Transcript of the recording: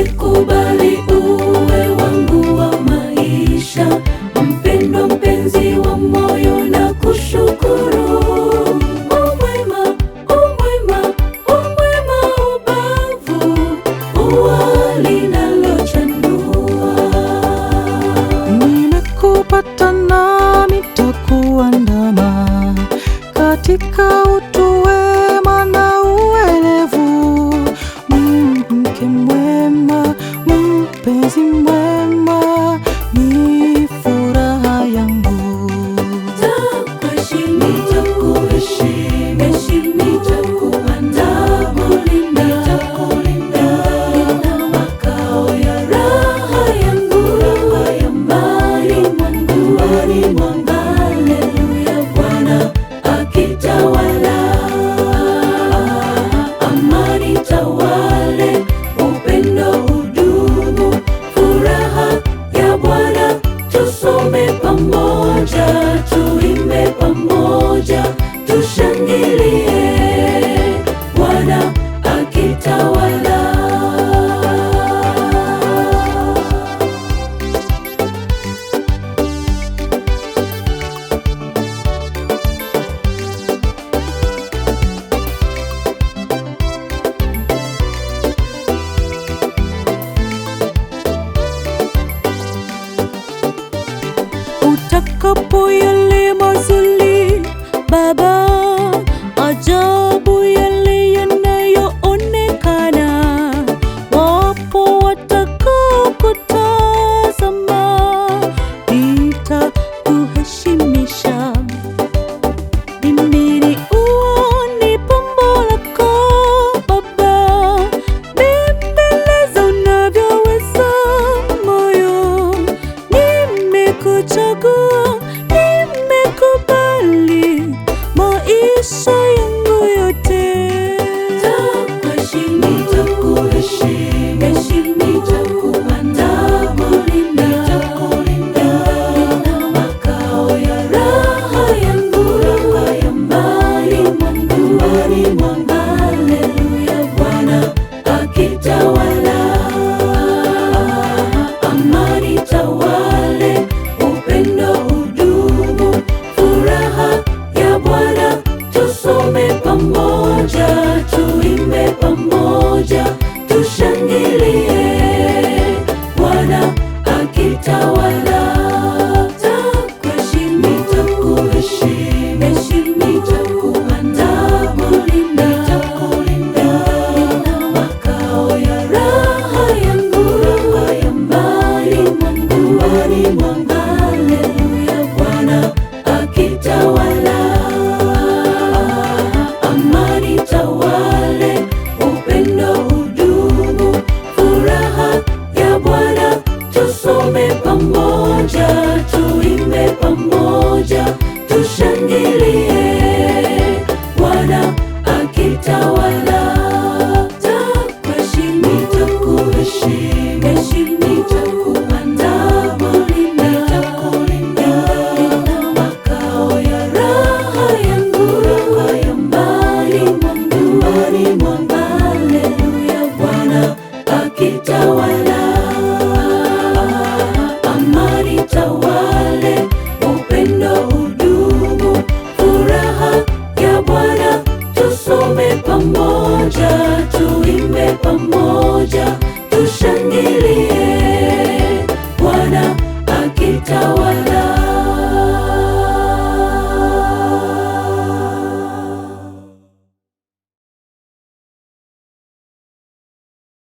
Nimekubali uwe wangu wa maisha, mpendwa, mpenzi wa moyo, na kushukuru. Umwema, umwema, umwema ubavu, uwa linalochanua. Nimekupata nami takuandama katika utu wema utakapoyalema zuli baba umepambwa